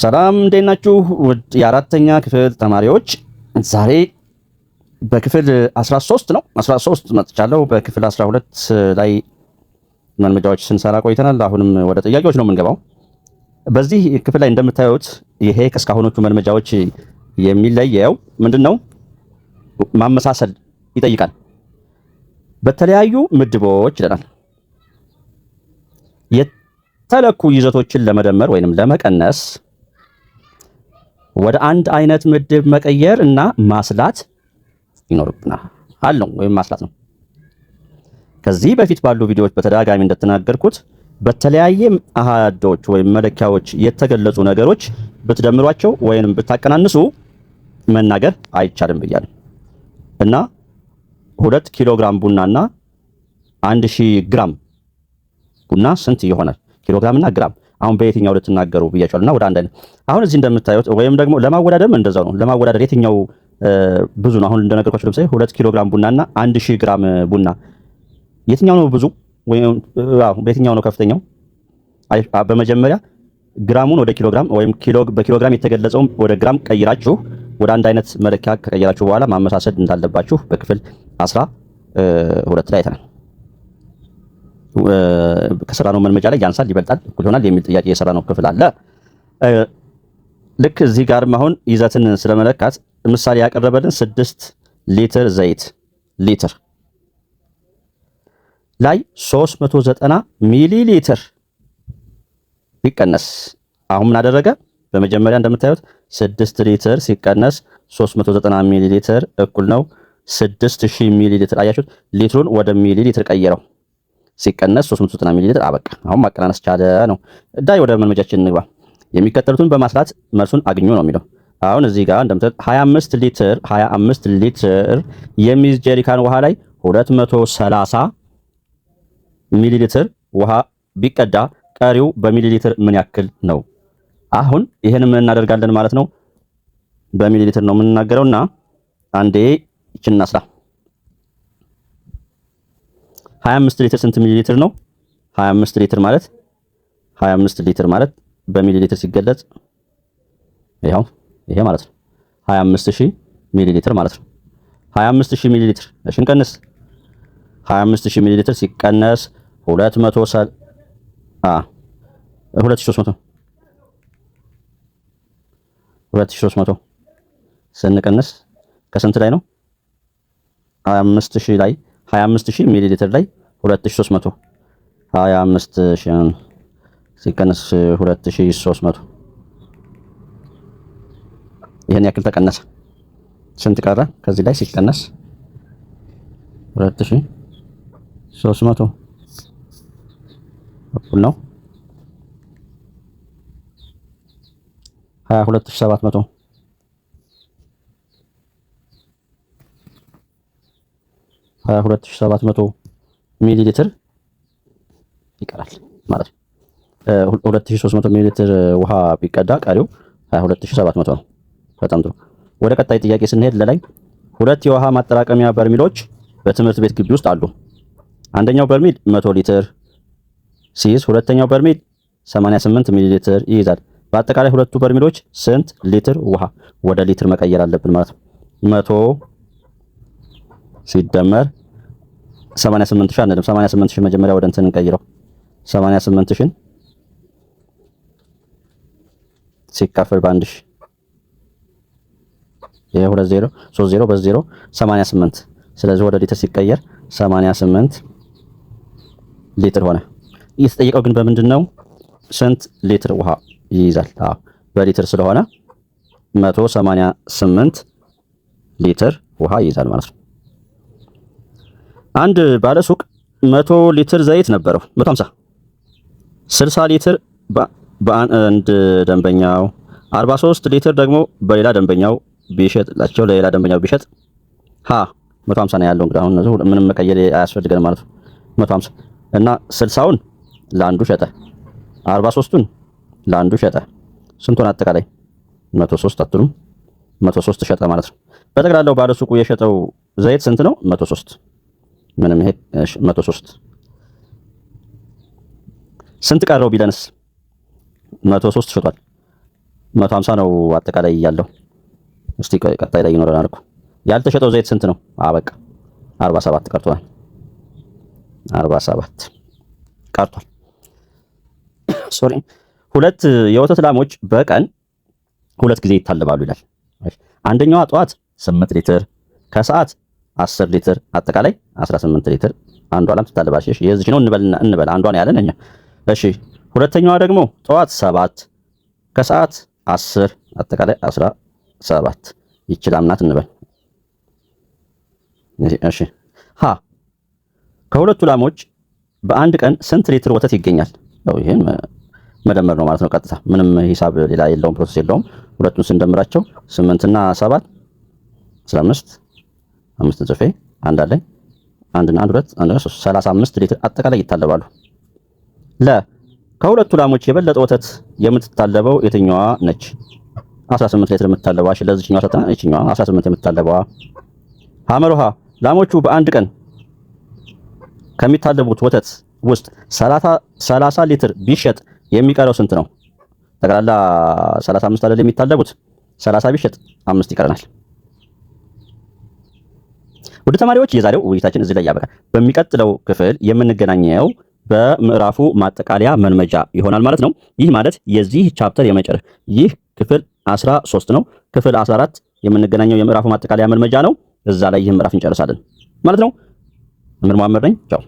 ሰላም እንዴት ናችሁ? ውድ የአራተኛ ክፍል ተማሪዎች ዛሬ በክፍል 13 ነው 13 መጥቻለሁ። በክፍል 12 ላይ መልመጃዎች ስንሰራ ቆይተናል። አሁንም ወደ ጥያቄዎች ነው የምንገባው። በዚህ ክፍል ላይ እንደምታዩት ይሄ ከእስካሁኖቹ መልመጃዎች የሚለየው ምንድን ነው? ማመሳሰል ይጠይቃል። በተለያዩ ምድቦች ይለናል የተለኩ ይዘቶችን ለመደመር ወይንም ለመቀነስ ወደ አንድ አይነት ምድብ መቀየር እና ማስላት ይኖርብናል። አለው ወይም ማስላት ነው። ከዚህ በፊት ባሉ ቪዲዮዎች በተደጋጋሚ እንደተናገርኩት በተለያየ አሃዶች ወይም መለኪያዎች የተገለጹ ነገሮች ብትደምሯቸው ወይንም ብታቀናንሱ መናገር አይቻልም ብያለሁ እና ሁለት ኪሎ ግራም ቡናና አንድ ሺህ ግራም ቡና ስንት ይሆናል? ኪሎ ግራምና ግራም አሁን በየትኛው ልትናገሩ ብያቸዋል። እና ወደ አንድ አይነት አሁን እዚህ እንደምታዩት ወይም ደግሞ ለማወዳደርም እንደዛው ነው። ለማወዳደር የትኛው ብዙ ነው? አሁን እንደነገርኳቸው ለምሳሌ ሁለት ኪሎ ግራም ቡና እና አንድ ሺህ ግራም ቡና የትኛው ነው ብዙ ወይም በየትኛው ነው ከፍተኛው? በመጀመሪያ ግራሙን ወደ ኪሎ ግራም ወይም ኪሎ በኪሎ ግራም የተገለጸውን ወደ ግራም ቀይራችሁ ወደ አንድ አይነት መለኪያ ከቀየራችሁ በኋላ ማመሳሰል እንዳለባችሁ በክፍል አስራ ሁለት ላይ አይተናል። ከስራ ነው መልመጃ ላይ ያንሳል፣ ይበልጣል፣ እኩል ይሆናል የሚል ጥያቄ የሰራ ነው ክፍል አለ። ልክ እዚህ ጋርም አሁን ይዘትን ስለመለካት ምሳሌ ያቀረበልን ስድስት ሊትር ዘይት ሊትር ላይ 390 ሚሊ ሊትር ይቀነስ። አሁን ምን አደረገ? በመጀመሪያ እንደምታዩት 6 ሊትር ሲቀነስ 390 ሚሊ ሊትር እኩል ነው 6000 ሚሊ ሊትር። አያችሁት? ሊትሩን ወደ ሚሊ ሊትር ቀየረው። ሲቀነስ 390 ሚሊ ሊትር አበቃ። አሁን ማቀናነስ ቻለ ነው። ዳይ ወደ መልመጃችን እንግባ። የሚከተሉትን በማስላት መልሱን አግኙ ነው የሚለው። አሁን እዚህ ጋር እንደምታዩት 25 ሊትር 25 ሊትር የሚይዝ ጀሪካን ውሃ ላይ 230 ሚሊ ሊትር ውሃ ቢቀዳ ቀሪው በሚሊ ሊትር ምን ያክል ነው? አሁን ይሄን ምን እናደርጋለን ማለት ነው፣ በሚሊ ሊትር ነው እና አንዴ ይችን እናስራ 25 ሊትር ስንት ሚሊ ሊትር ነው? 25 ሊትር ማለት 25 ሊትር ማለት በሚሊ ሊትር ሲገለጽ ይሄው ይሄ ማለት ነው 25000 ሚሊ ሊትር ማለት ነው። 25000 ሚሊ ሊትር እሺ፣ እንቀንስ 25000 ሚሊ ሊትር ሲቀነስ 200 አ 2300 2300 ስንቀንስ ከስንት ላይ ነው? 25000 ላይ 25000 ሚሊ ሊትር ላይ 2300 25000 ሲቀነስ 2300 ይሄን ያክል ተቀነሰ። ስንት ቀረ? ከዚህ ላይ ሲቀነስ 2300 እኩል ነው 22700 22700 ሚሊ ሊትር ይቀራል ማለት ነው። 2300 ሚሊ ሊትር ውሃ ቢቀዳ ቀሪው 22700 ነው። በጣም ጥሩ። ወደ ቀጣይ ጥያቄ ስንሄድ ለላይ ሁለት የውሃ ማጠራቀሚያ በርሚሎች በትምህርት ቤት ግቢ ውስጥ አሉ። አንደኛው በርሜል 100 ሊትር ሲይዝ ሁለተኛው በርሚል 88 ሚሊ ሊትር ይይዛል። በአጠቃላይ ሁለቱ በርሚሎች ስንት ሊትር ውሃ ወደ ሊትር መቀየር አለብን ማለት ነው? 100 ሲደመር 88 ሺህ አንደም 88 ሺህ መጀመሪያ ወደ እንትን እንቀይረው 88 ሺህ ሲካፈል በአንድ ሺህ ይሄ ሁለት ዜሮ ሶስት ዜሮ በዚህ ዜሮ 88 ስለዚህ ወደ ሊትር ሲቀየር 88 ሊትር ሆነ። እየተጠየቀው ግን በምንድን ነው ስንት ሊትር ውሃ ይይዛል? አዎ በሊትር ስለሆነ 188 ሊትር ውሃ ይይዛል ማለት ነው። አንድ ባለ ሱቅ መቶ ሊትር ዘይት ነበረው። 150 60 ሊትር በአንድ ደንበኛው፣ 43 ሊትር ደግሞ በሌላ ደንበኛው ቢሸጥላቸው ለሌላ ደንበኛው ቢሸጥ ሀ 150 ነው ያለው። እንግዲህ አሁን ምንም መቀየር አያስፈልገን ማለት ነው። 150 እና 60ውን ለአንዱ ሸጠ፣ 43ቱን ለአንዱ ሸጠ። ስንቱን አጠቃላይ 103 አትሉም? 103 ሸጠ ማለት ነው። በጠቅላላው ባለ ሱቁ የሸጠው ዘይት ስንት ነው? 103 ምንም ይሄ 103 ስንት ቀረው ቢለንስ 103 ሽጧል። 150 ነው አጠቃላይ ያለው። እስቲ ቀጣይ ላይ ይኖረናል እኮ ያልተሸጠው ዘይት ስንት ነው? አበቃ 47 ቀርቷል። 47 ቀርቷል። ሶሪ ሁለት የወተት ላሞች በቀን ሁለት ጊዜ ይታለባሉ ይላል። አንደኛዋ ጠዋት 8 ሊትር ከሰዓት 10 ሊትር አጠቃላይ 18 ሊትር አንዷ ላም ትታለባለች። እሺ የዚች ነው እንበልና እንበል አንዷን ያለን እኛ። እሺ ሁለተኛዋ ደግሞ ጠዋት 7 ከሰዓት 10 አጠቃላይ 17 ይቺ ላም ናት እንበል። እሺ ሀ ከሁለቱ ላሞች በአንድ ቀን ስንት ሊትር ወተት ይገኛል? ያው ይሄን መደመር ነው ማለት ነው። ቀጥታ ምንም ሂሳብ ሌላ የለውም፣ ፕሮሰስ የለውም። ሁለቱን ስንደምራቸው 8 እና 7 15 አምስት ጽፌ አንድ አለኝ አንድና አንድ ሁለት አንድ ሶስት ሰላሳ አምስት ሊትር አጠቃላይ ይታለባሉ። ለ ከሁለቱ ላሞች የበለጠ ወተት የምትታለበው የትኛዋ ነች? 18 ሊትር የምትታለበዋ እሺ፣ ለዚህኛዋ ሰጠና እቺኛዋ 18 የምትታለበዋ። ሐመሩሃ ላሞቹ በአንድ ቀን ከሚታለቡት ወተት ውስጥ 30 30 ሊትር ቢሸጥ የሚቀረው ስንት ነው? ጠቅላላ 35 አይደል የሚታለቡት 30 ቢሸጥ አምስት ይቀረናል። ወደ ተማሪዎች የዛሬው ውይይታችን እዚህ ላይ ያበቃል። በሚቀጥለው ክፍል የምንገናኘው በምዕራፉ ማጠቃለያ መልመጃ ይሆናል ማለት ነው። ይህ ማለት የዚህ ቻፕተር የመጨረሻ ይህ ክፍል 13 ነው። ክፍል 14 የምንገናኘው የምዕራፉ ማጠቃለያ መልመጃ ነው። እዛ ላይ ይህን ምዕራፍ እንጨርሳለን ማለት ነው። መምህር ነኝ። ቻው